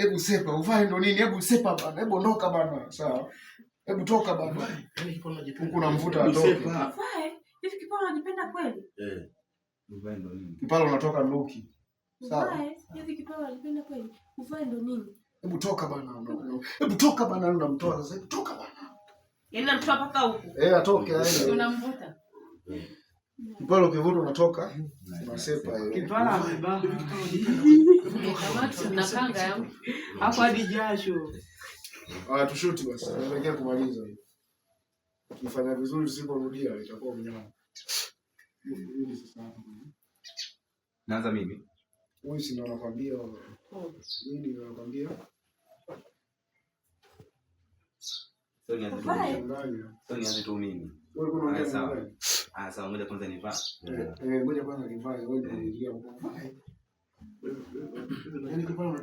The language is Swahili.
hebu sepa, uvae ndo nini? Hebu sepa bana, hebu ondoka bana, sawa? Hebu toka bana, huku namvuta atoke. Eh, Kipala unatoka luki, Hebu toka bana, hebu toka bana, namtoa sasa, hebu toka bana, yaani eh, atoke unamvuta Mpalo kivuto unatoka masepa hiyo. Kipala amebaa. Tunapanga yangu. Hapo hadi jasho. Ah, tushuti basi. Tunaelekea kumaliza hiyo. Tukifanya vizuri tusiporudia itakuwa mnyama. Naanza mimi. Huyu si nakwambia. Mimi ndio nakwambia. Sio nianze tu mimi. Sio nianze tu mimi. Wewe kuna Ah, ngoja kwanza nivaa. Eh, ngoja kwanza nivae.